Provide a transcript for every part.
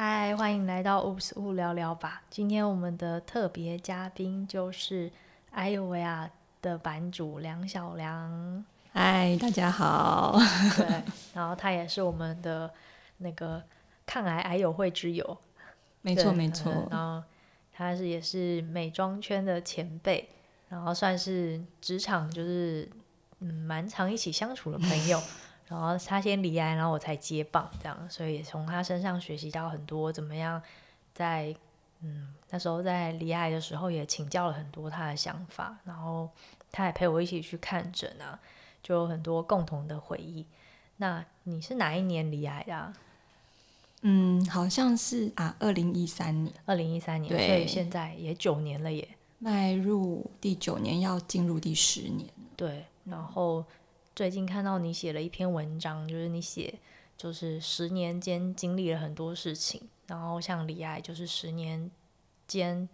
嗨，Hi, 歡迎來到霧霧聊聊吧。今天我們的特別嘉賓就是癌唷喂呀的版主梁小涼。嗨，大家好。 對，然後他也是我們的那個抗癌癌友會之友，沒錯沒錯。嗯、沒錯，然後他是也是美妝圈的前輩，然後算是職場就是嗯蠻常一起相處的朋友。 然後他先罹癌然後我才接棒這樣，所以也從他身上學習到很多怎麼樣在嗯，那時候在罹癌的時候也請教了很多他的想法，然後他也陪我一起去看診啊，就有很多共同的回憶。那你是哪一年罹癌的？嗯，好像是啊，二零一三年，二零一三年，對所以現在也九年了耶，也邁入第九年，要進入第十年。對，然後。最近看到你寫了一篇文章，就是你寫，就是十年間經歷了很多事情，然後像罹癌就是十年間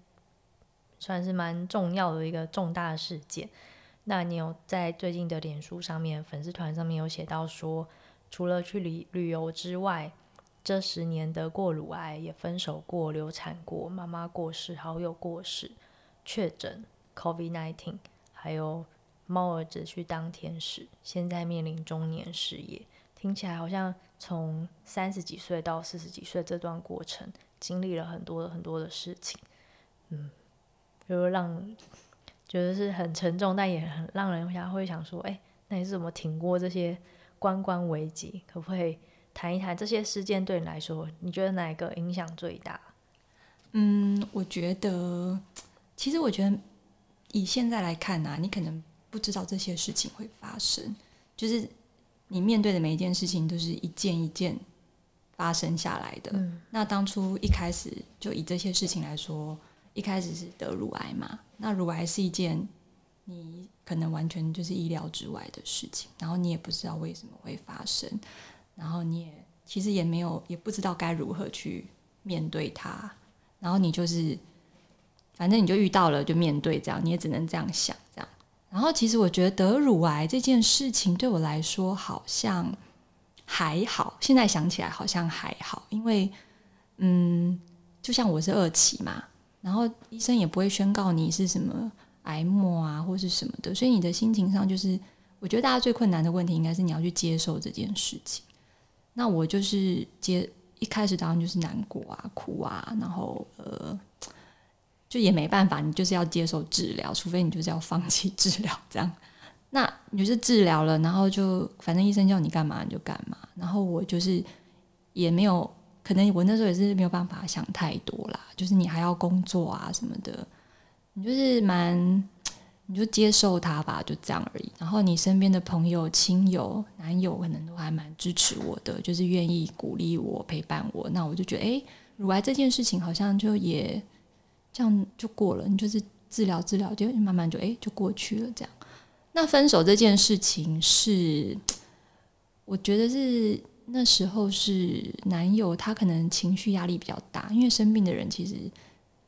算是蠻重要的一個重大事件。那你有在最近的臉書上面、粉絲團上面有寫到說，除了去旅旅遊之外，這十年得過乳癌，也分手過、流產過，媽媽過世、好友過世，確診 COVID-19，還有。貓兒子去當天使，現在面臨中年失業，聽起來好像從三十幾歲到四十幾歲這段過程，經歷了很多很多的事情，嗯，如、就是、讓覺得、就是很沉重，但也很讓人會想說，哎、欸，那你是怎麼挺過這些關關危機？可不可以談一談這些事件對你來說，你覺得哪一個影響最大？嗯，我覺得，其實我覺得，以現在來看啊，你可能。不知道這些事情會發生，就是你面對的每一件事情都是一件一件發生下來的。嗯。那當初一開始就以這些事情來說，一開始是得乳癌嘛？那乳癌是一件你可能完全就是意料之外的事情，然後你也不知道為什麼會發生，然後你也其實也沒有也不知道該如何去面對它，然後你就是反正你就遇到了就面對這樣，你也只能這樣想。然後其實我覺得得乳癌這件事情對我來說好像還好，現在想起來好像還好，因為嗯，就像我是二期嘛，然後醫生也不會宣告你是什麼癌末啊或是什麼的，所以你的心情上就是，我覺得大家最困難的問題應該是你要去接受這件事情。那我就是接一開始當然就是難過啊、哭啊，然後呃。就也沒辦法，你就是要接受治療，除非你就是要放棄治療這樣。那你就是治療了，然後就反正醫生叫你幹嘛你就幹嘛。然後我就是也沒有，可能我那時候也是沒有辦法想太多啦。就是你還要工作啊什麼的，你就是蠻，你就接受他吧，就這樣而已。然後你身邊的朋友、親友、男友，可能都還蠻支持我的，就是願意鼓勵我、陪伴我。那我就覺得，誒、欸，乳癌這件事情好像就也。這樣就過了，你就是治療治療，就慢慢就哎、欸、就過去了。這樣，那分手這件事情是，我覺得是那時候是男友他可能情緒壓力比較大，因為生病的人其實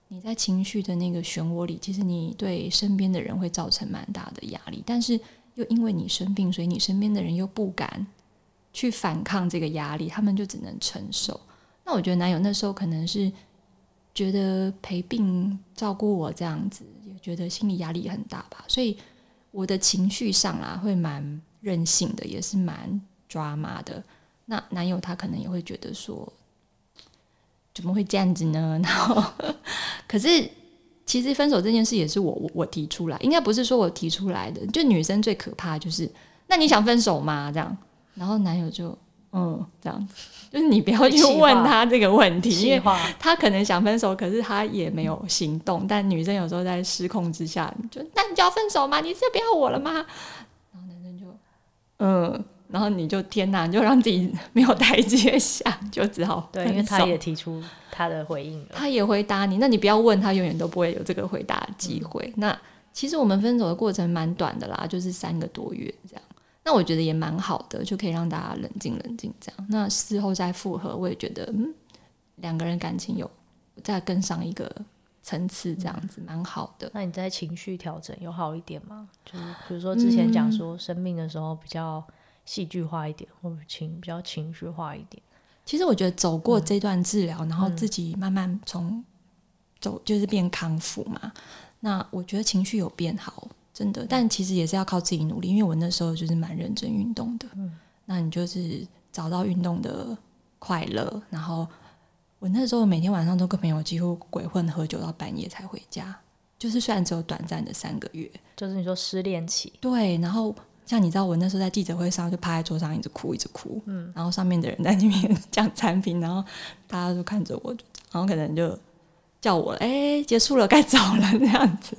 你在情緒的那個漩渦裡，其實你對身邊的人會造成蠻大的壓力，但是又因為你生病，所以你身邊的人又不敢去反抗這個壓力，他們就只能承受。那我覺得男友那時候可能是。覺得陪病照顧我這樣子，也覺得心理壓力很大吧，所以我的情緒上啊，會蠻任性的，也是蠻抓馬的。那男友他可能也會覺得說，怎麼會這樣子呢？然後， 可是其實分手這件事也是我我我提出來，應該不是說我提出來的，就女生最可怕就是，那你想分手嗎？這樣，然後男友就。嗯，這樣子就是你不要去問他這個問題，因為他可能想分手，可是他也沒有行動。嗯、但女生有時候在失控之下，就那你就要分手嗎？你是不要我了嗎？嗯、然後男生就嗯，然後你就天哪，你就讓自己沒有台階下，就只好分手。對，因為他也提出他的回應，他也回答你，那你不要問他，永遠都不會有這個回答的機會。嗯、那其實我們分手的過程蠻短的啦，就是三個多月這樣。那我覺得也蠻好的，就可以讓大家冷靜冷靜，這樣。那事後再復合，我也覺得，嗯，兩個人感情有再更上一個層次，這樣子蠻好的，嗯。那你在情緒調整有好一點嗎？就是比如說之前講說生病的時候比較戲劇化一點，嗯、或者情比較情緒化一點。其實我覺得走過這段治療，嗯、然後自己慢慢從走就是變康復嘛。嗯、那我覺得情緒有變好。真的，但其實也是要靠自己努力，因為我那時候就是蠻認真運動的。嗯，那你就是找到運動的快樂，然後我那時候每天晚上都跟朋友幾乎鬼混，喝酒到半夜才回家。就是雖然只有短暫的三個月，就是你說失戀期對。然後像你知道，我那時候在記者會上就趴在桌上一直哭，一直哭。嗯。然後上面的人在那邊講產品，然後大家都看着我，然後可能就叫我哎、欸，結束了，該走了這樣子。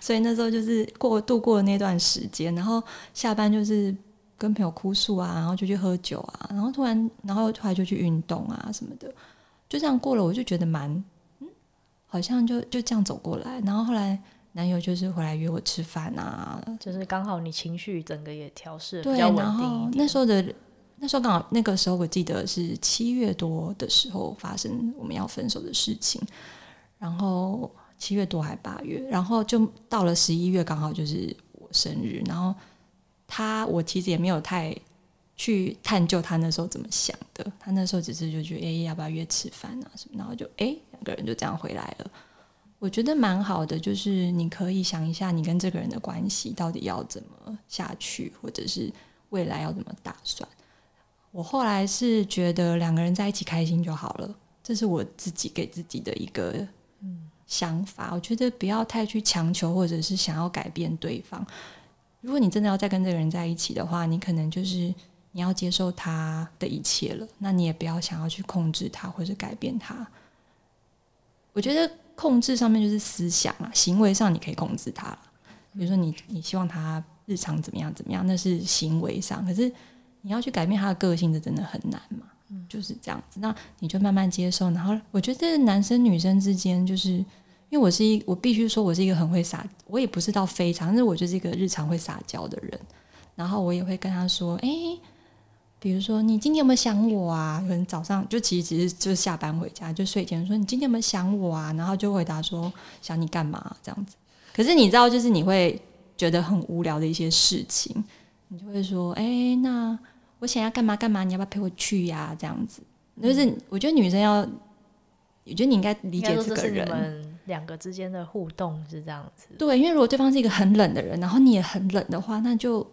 所以那時候就是過度過了那段時間，然後下班就是跟朋友哭訴啊，然後就去喝酒啊，然後突然，然後後來就去運動啊什麼的，就這樣過了。我就覺得蠻，嗯，好像就就這樣走過來。然後後來男友就是回來約我吃飯啊，就是剛好你情緒整個也調適了。對，比較穩定一點。然後那時候的那時候剛好那個時候我記得是七月多的時候發生我們要分手的事情，然後。七月多還八月，然後就到了十一月，剛好就是我生日。然後他，我其實也沒有太去探究他那時候怎麼想的。他那時候只是就覺得、欸，哎，要不要約吃飯啊什麼？然後就哎，欸，兩個人就這樣回來了。我覺得蠻好的，就是你可以想一下，你跟這個人的關係到底要怎麼下去，或者是未來要怎麼打算。我後來是覺得兩個人在一起開心就好了，這是我自己給自己的一個嗯，想法，我覺得不要太去強求，或者是想要改變對方。如果你真的要再跟這個人在一起的話，你可能就是你要接受他的一切了。那你也不要想要去控制他，或者改變他。我覺得控制上面就是思想嘛，行為上你可以控制他。比如說你，你你希望他日常怎麼樣怎麼樣，那是行為上。可是你要去改變他的個性，這真的很難嘛。就是這樣子，那你就慢慢接受。然後我覺得男生女生之間，就是因為我是一，我必須說我是一個很會撒，我也不是到非常，但是我就是一個日常會撒嬌的人。然後我也會跟他說，誒，比如說你今天有沒有想我啊？可能早上就其實只是就下班回家就睡前說你今天有沒有想我啊？然後就回答說想你幹嘛啊？這樣子。可是你知道，就是你會覺得很無聊的一些事情，你就會說，誒，那。我想要幹嘛幹嘛，你要不要陪我去呀、啊？這樣子，嗯、就是我覺得女生要，我覺得你應該理解這個人。我們兩個之間的互動是這樣子，對，因為如果對方是一個很冷的人，然後你也很冷的話，那就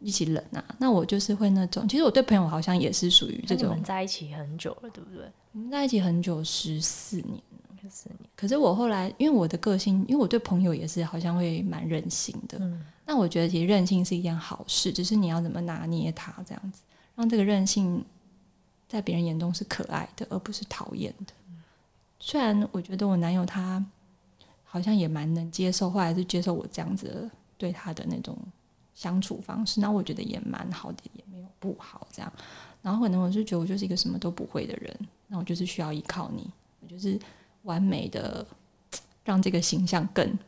一起冷啊。那我就是會那種，其實我對朋友好像也是屬於這種。我們在一起很久了，對不對？我們在一起很久，十四年。可是我後來，因為我的個性，因為我對朋友也是好像會蠻任性的。嗯、那我覺得其實任性是一件好事，只、就是你要怎麼拿捏他，這樣子讓這個任性在別人眼中是可愛的，而不是討厭的。嗯、雖然我覺得我男友他好像也蠻能接受，後來是接受我這樣子對他的那種相處方式。那我覺得也蠻好的，也沒有不好這樣。然後可能我就覺得我就是一個什麼都不會的人，那我就是需要依靠你，我就是。完美的，讓這個形象更，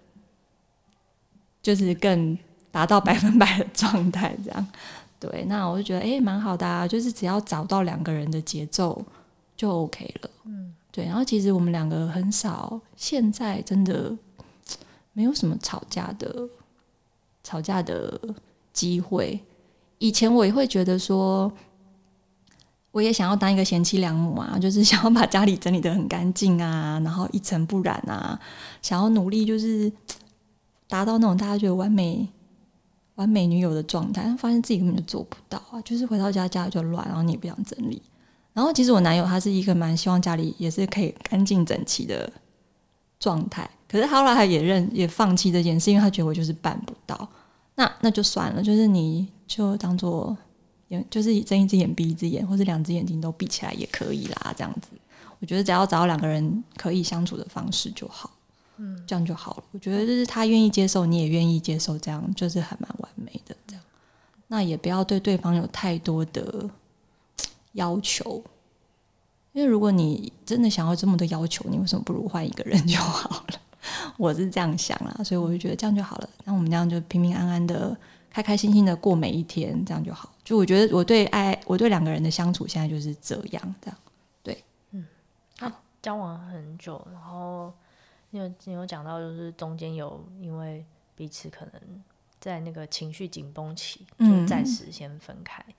就是更達到百分百的狀態，這樣對。那我就覺得，哎、欸，蠻好的啊，就是只要找到兩個人的節奏就 OK 了，嗯，對。然後其實我們兩個很少，現在真的沒有什麼吵架的，吵架的機會。以前我也會覺得說。我也想要當一個賢妻良母啊，就是想要把家裡整理得很乾淨啊，然後一塵不染啊，想要努力就是達到那種大家覺得完美完美女友的狀態，但發現自己根本就做不到啊，就是回到家家裡就亂，然後你也不想整理。然後其實我男友他是一個蠻希望家裡也是可以乾淨整齊的狀態，可是後來他也認也放棄這件事，因為他覺得我就是辦不到，那那就算了，就是你就當做。就是睜一隻眼閉一隻眼，或是兩隻眼睛都閉起來也可以啦，這樣子。我覺得只要找兩個人可以相處的方式就好，嗯，這樣就好了。我覺得就是他願意接受，你也願意接受，這樣就是還蠻完美的。這樣，嗯，那也不要對對方有太多的要求，因為如果你真的想要這麼多要求，你為什麼不如換一個人就好了？我是這樣想啦，所以我就覺得這樣就好了。那我們這樣就平平安安的。開開心心的過每一天，這樣就好。就我覺得，我對愛，我對兩個人的相處，現在就是這樣。這樣，對，嗯。啊，好交往很久，然後因為你有講到，就是中間有因為彼此可能在那個情緒緊繃期，就暫時先分開，嗯、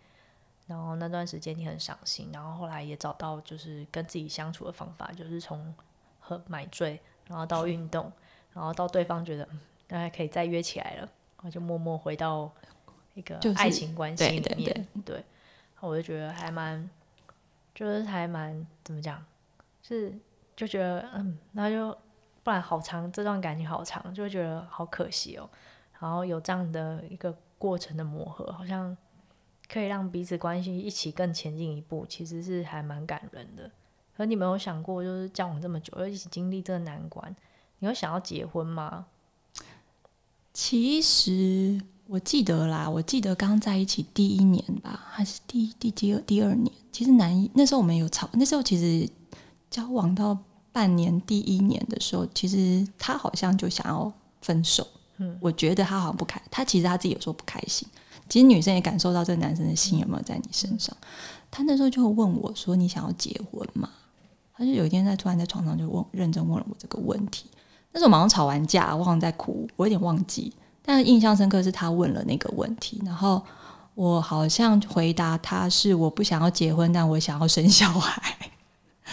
然後那段時間你很傷心，然後後來也找到就是跟自己相處的方法，就是從喝買醉，然後到運動，嗯、然後到對方覺得大家、嗯、可以再約起來了。我就默默回到一個愛情關係裡面，就是、對，對，對，對，我就覺得還蠻，就是還蠻怎麼講，是就覺得嗯，那就不然好長這段感情好長，就覺得好可惜哦。然後有這樣的一個過程的磨合，好像可以讓彼此關係一起更前進一步，其實是還蠻感人的。可你沒有想過，就是交往這麼久，又一起經歷這個難關，你會想要結婚嗎？其實我記得啦，我記得剛在一起第一年吧，還是第一第第二第二年？其實男一那時候我們有吵，那時候其實交往到半年，第一年的時候，其實他好像就想要分手。嗯，我覺得他好像不開，他其實他自己有時候不開心。其實女生也感受到這個男生的心有沒有在你身上。他那時候就會問我說：“你想要結婚嗎？”他就有一天在突然在床上就問，認真問了我這個問題。那時候好像吵完架，我好像在哭，我有點忘記。但印象深刻是他問了那個問題，然後我好像回答他是我不想要結婚，但我想要生小孩。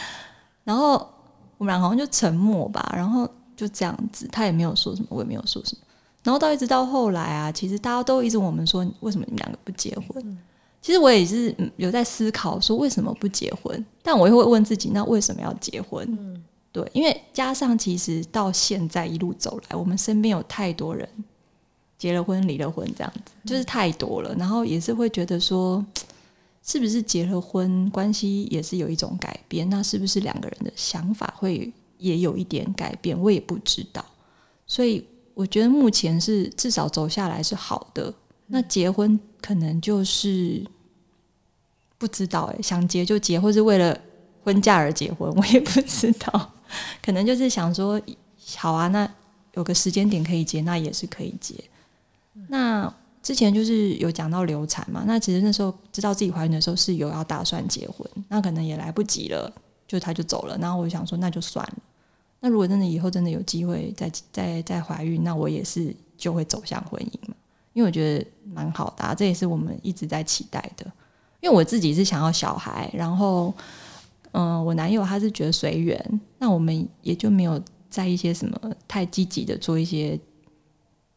然後我們倆好像就沉默吧，然後就這樣子，他也沒有說什麼，我也沒有說什麼。然後到一直到後來啊，其實大家都一直問我們說，為什麼你們兩個不結婚？嗯、其實我也是有在思考說為什麼不結婚？但我又會問自己，那為什麼要結婚？嗯對，因為加上其實到現在一路走來，我們身邊有太多人結了婚、離了婚，這樣子、嗯、就是太多了。然後也是會覺得說，是不是結了婚關係也是有一種改變？那是不是兩個人的想法會也有一點改變？我也不知道。所以我覺得目前是至少走下來是好的。那結婚可能就是不知道哎、欸，想結就結，或是為了婚嫁而結婚，我也不知道。 可能就是想說，好啊，那有個時間點可以結，那也是可以結。那之前就是有講到流產嘛，那其實那時候知道自己懷孕的時候是有要打算結婚，那可能也來不及了，就他就走了。然後我想說，那就算了。那如果真的以後真的有機會再再再懷孕，那我也是就會走向婚姻嘛，因為我覺得蠻好的啊，這也是我們一直在期待的。因為我自己是想要小孩，然後。嗯，我男友他是覺得隨緣，那我們也就沒有在一些什麼太積極的做一些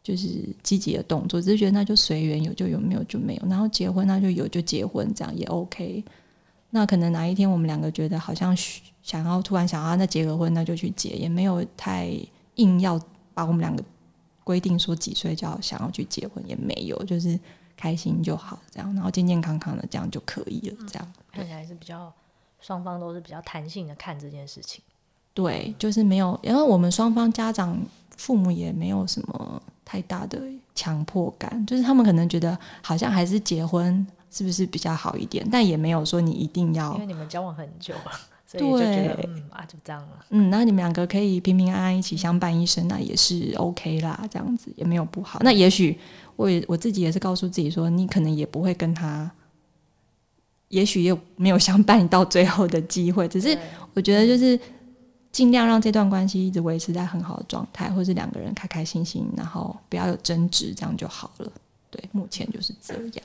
就是積極的動作，只是覺得那就隨緣，有就有，沒有就沒有。然後結婚，那就有就結婚，這樣也 OK。那可能哪一天我們兩個覺得好像想要突然想要那結個婚，那就去結，也沒有太硬要把我們兩個規定說幾歲就要想要去結婚，也沒有，就是開心就好，這樣，然後健健康康的這樣就可以了，這樣、嗯、看起來是比較。雙方都是比較彈性的看這件事情，對，就是沒有，因為我們雙方家長父母也沒有什麼太大的強迫感，就是他們可能覺得好像還是結婚是不是比較好一點，但也沒有說你一定要，因為你們交往很久了，所以就覺得對、嗯、啊就這樣了，嗯，那你們兩個可以平平安安一起相伴一生，那也是 OK 啦，這樣子也沒有不好。那也許我也我自己也是告訴自己說，你可能也不會跟他。也許也沒有相伴到最後的機會，只是我覺得就是盡量讓這段關係一直維持在很好的狀態，或是兩個人開開心心，然後不要有爭執，這樣就好了。對，目前就是這樣。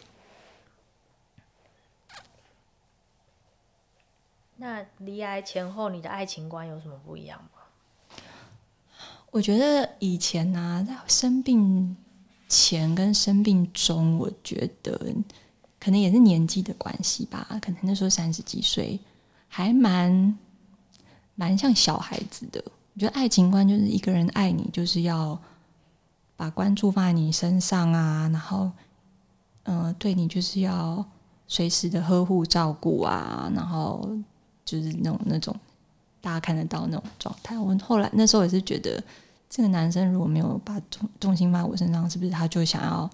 那罹癌前後，你的愛情觀有什麼不一樣嗎？我覺得以前呢、啊，在生病前跟生病中，我覺得。可能也是年紀的關係吧，可能那時候三十幾歲，還蠻蠻像小孩子的。我覺得愛情觀就是一個人愛你，就是要把關注放在你身上啊，然後嗯、呃，對你就是要隨時的呵護照顧啊，然後就是那種那種大家看得到那種狀態。我後來那時候也是覺得，這個男生如果沒有把重重心放在我身上，是不是他就想要，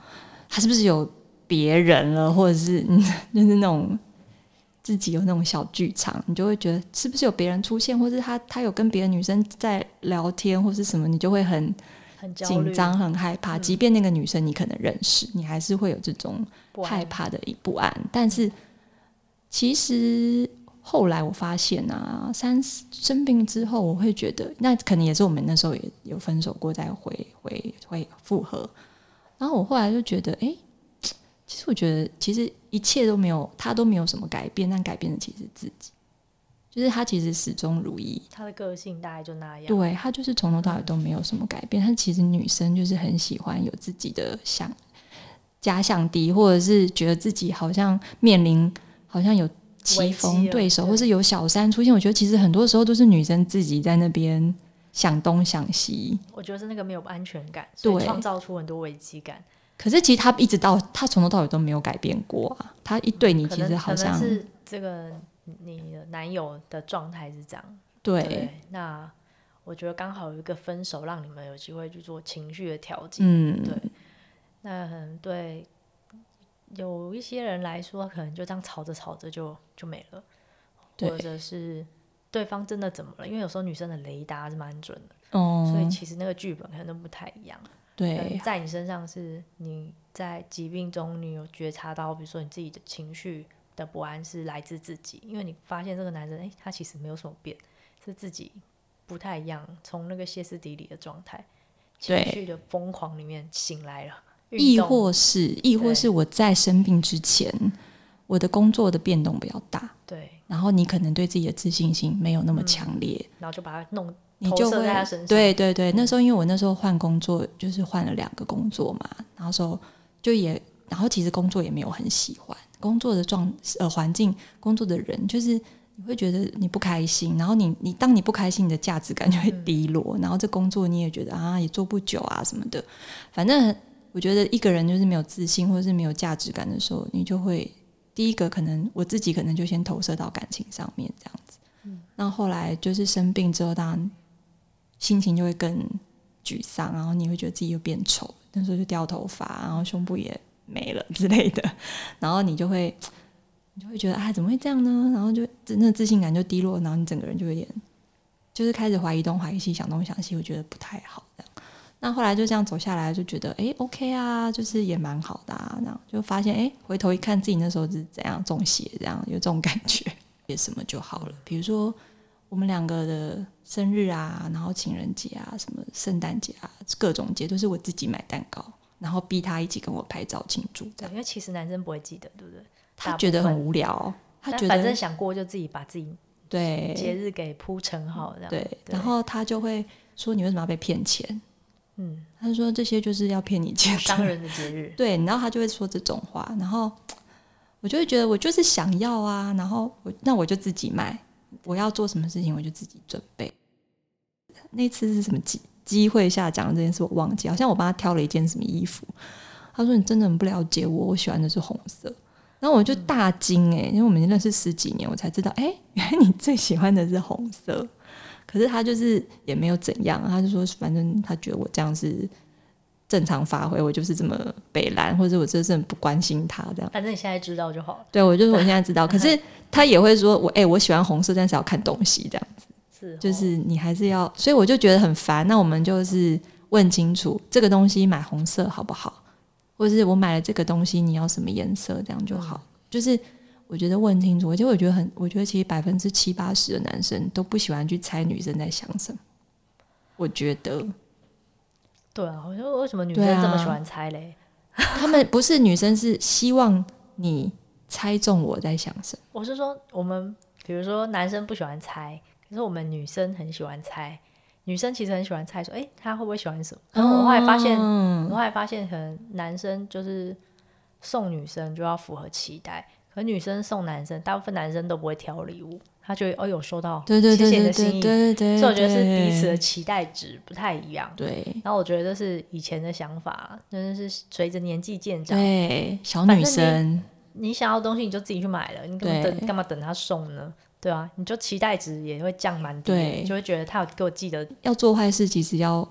他是不是有？別人了，或者是、嗯、就是那種自己有那種小劇場，你就會覺得是不是有別人出現，或是他他有跟別的女生在聊天，或是什麼，你就會很緊張、很害怕。即便那個女生你可能認識，嗯、你還是會有這種害怕的一不安。不安。但是其實後來我發現啊，三生病之後，我會覺得那可能也是我們那時候也有分手過，再回回會復合。然後我後來就覺得，哎、欸。其實我覺得，其實一切都沒有，他都沒有什麼改變，但改變的其實自己，就是他其實始終如一，他的個性大概就那樣。對，他就是從頭到尾都沒有什麼改變。嗯、他其實女生就是很喜歡有自己的想假想敵，或者是覺得自己好像面臨好像有棋逢對手，對，或是有小三出現。我覺得其實很多時候都是女生自己在那邊想東想西。我覺得是那個沒有安全感，所以創造出很多危機感。可是其實他一直到他從頭到尾都沒有改變過啊，他一對你其實好像、嗯、是這個你男友的狀態是這樣。對，對，那我覺得剛好有一個分手讓你們有機會去做情緒的調節。嗯，對。那可能對有一些人來說，可能就這樣吵着吵着就就沒了，對或者是對方真的怎麼了？因為有時候女生的雷達是蠻準的，哦、嗯，所以其實那個劇本可能都不太一樣。對在你身上，是你在疾病中，你有覺察到，比如說你自己的情緒的不安是來自自己，因為你發現這個男人、欸、他其實沒有什麼變，是自己不太一樣，從那個歇斯底里的狀態、對情緒的瘋狂裡面醒來了。亦或是，亦或是我在生病之前，對我的工作的變動比較大，對，然後你可能對自己的自信心沒有那麼強烈，嗯、然後就把它弄。你就會對對對，那時候因為我那時候換工作，就是換了兩個工作嘛，然後說就也，然後其實工作也沒有很喜歡工作的狀呃環境，工作的人就是你會覺得你不開心，然後你你當你不開心，你的價值感就會低落，然後這工作你也覺得啊也做不久啊什麼的。反正我覺得一個人就是沒有自信或者是沒有價值感的時候，你就會第一個可能我自己可能就先投射到感情上面這樣子，那後來就是生病之後當然心情就會更沮喪，然後你會覺得自己又變醜，那時候就掉頭髮，然後胸部也沒了之類的，然後你就會，你就會覺得啊，怎麼會這樣呢？然後就真的、那個、自信感就低落，然後你整個人就有點，就是開始懷疑東懷疑西，想東想西，會覺得不太好這樣。那後來就這樣走下來，就覺得哎、欸、，OK 啊，就是也蠻好的、啊這樣，然後就發現哎、欸，回頭一看自己那時候是怎樣中邪，這樣有這種感覺也什麼就好了，比如說。我們兩個的生日啊，然後情人節啊，什麼聖誕節啊，各種節都，就是我自己買蛋糕，然後逼他一起跟我拍照慶祝，對。因為其實男生不會記得，對不對？他覺得很無聊，他覺得反正想過就自己把自己對節日給鋪成好，這樣，對。對，然後他就會說：“你為什麼要被騙錢？”嗯，他說：“這些就是要騙你節日，當人的節日。嗯”日，對，然後他就會說這種話，然後我就會覺得我就是想要啊，然後我那我就自己買。我要做什麼事情，我就自己準備。那次是什麼機機會下講的這件事，我忘記。好像我幫他挑了一件什麼衣服，他說：“你真的很不了解我，我喜歡的是紅色。”然後我就大驚誒、欸，因為我們認識十幾年，我才知道哎、欸，原來你最喜歡的是紅色。可是他就是也沒有怎樣，他就說反正他覺得我這樣是。正常發揮，我就是這麼北爛，或者我就是很不關心他這樣。反正你現在知道就好了。對，我就是我現在知道。 可是他也會說我，我、欸、哎，我喜歡紅色，但是要看東西這樣子。是，就是你還是要。所以我就覺得很煩。那我們就是問清楚，嗯、這個東西買紅色好不好？或是我買了這個東西，你要什麼顏色這樣就好。嗯、就是我覺得問清楚，而且我覺得很，我覺得其實百分之七八十的男生都不喜歡去猜女生在想什麼。我覺得。對啊，我說為什麼女生這麼喜歡猜嘞、啊？他們不是女生，是希望你猜中我在想什麼。 我是說，我們比如說男生不喜歡猜，可是我們女生很喜歡猜。女生其實很喜歡猜，說誒，他會不會喜歡什麼？然後、哦、我後來發現，我後來發現，可能男生就是送女生就要符合期待，可女生送男生，大部分男生都不會挑禮物。他就哦有收到，謝謝你的心意。所以我覺得是彼此的期待值不太一樣。對，然後我覺得是以前的想法，真的是隨着年紀漸長。對，小女生，你想要東西你就自己去買了，你幹嘛等幹嘛等他送呢？對啊，你就期待值也會降蠻低，就會覺得他有給我寄的要做壞事，其實要。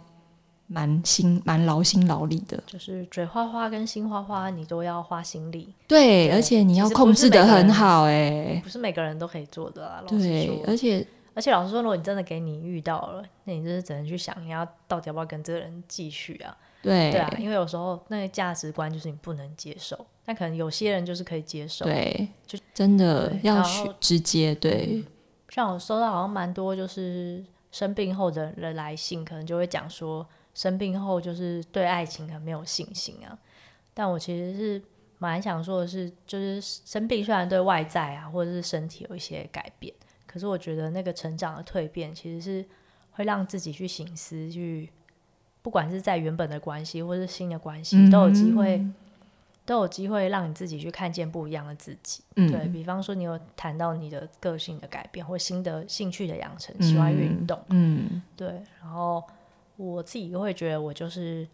蠻辛蠻勞心勞力的，就是嘴花花跟心花花，你都要花心力。對，而且你要控制得很好，哎，不是每個人都可以做的啊。對，而且而且老實說，如果你真的給你遇到了，那你就是只能去想，你要到底要不要跟這個人繼續啊？對，對啊，因為有時候那個價值觀就是你不能接受，但可能有些人就是可以接受。對，就真的要去直接對。像我收到好像蠻多，就是生病後的人來信，可能就會講說，生病後就是對愛情很沒有信心啊，但我其實是蠻想說的是，就是生病雖然對外在啊或者是身體有一些改變，可是我覺得那個成長的蛻變其實是會讓自己去省思去，不管是在原本的關係或是新的關係，都有機會，都有機會讓你自己去看見不一樣的自己。對、嗯、比方說，你有談到你的個性的改變或新的興趣的養成，喜歡運動，嗯，嗯對，然後。我自己都會覺得我就是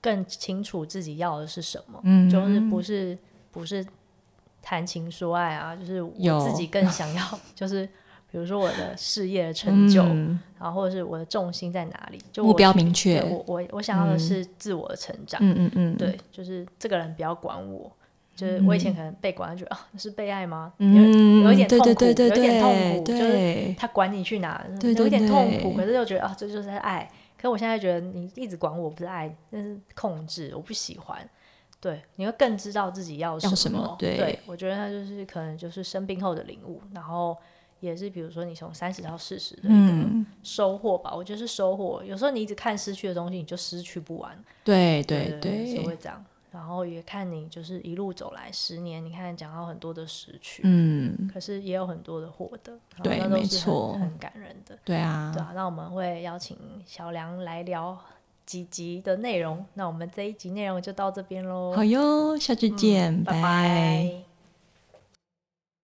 更清楚自己要的是什麼，嗯，就是不是不是談情說愛啊，就是我自己更想要，就是比如說我的事業的成就，嗯，然後或者是我的重心在哪裡，就我目標明確。我我我想要的是自我的成長，嗯，對，就是這個人不要管我。就是我以前可能被管，覺得啊，那是被愛嗎？有有一點痛苦，有一點痛苦，就是他管你去哪，有一點痛苦。可是又覺得啊，這就是愛。可我現在覺得你一直管我不是愛，那是控制，我不喜歡。對，你會更知道自己要什麼。對，我覺得他就是可能就是生病後的領悟，然後也是比如說你從三十到四十的一個收穫吧。我覺得是收穫。有時候你一直看失去的東西，你就失去不完。對對對，就會這樣。然後也看你就是一路走來十年，你看講到很多的失去，嗯，可是也有很多的獲得，對，那都是沒錯，很感人的，對啊，對啊。那我們會邀請小涼來聊幾集的內容，那我們這一集內容就到這邊咯。好喲，下次見，嗯、拜拜。拜拜。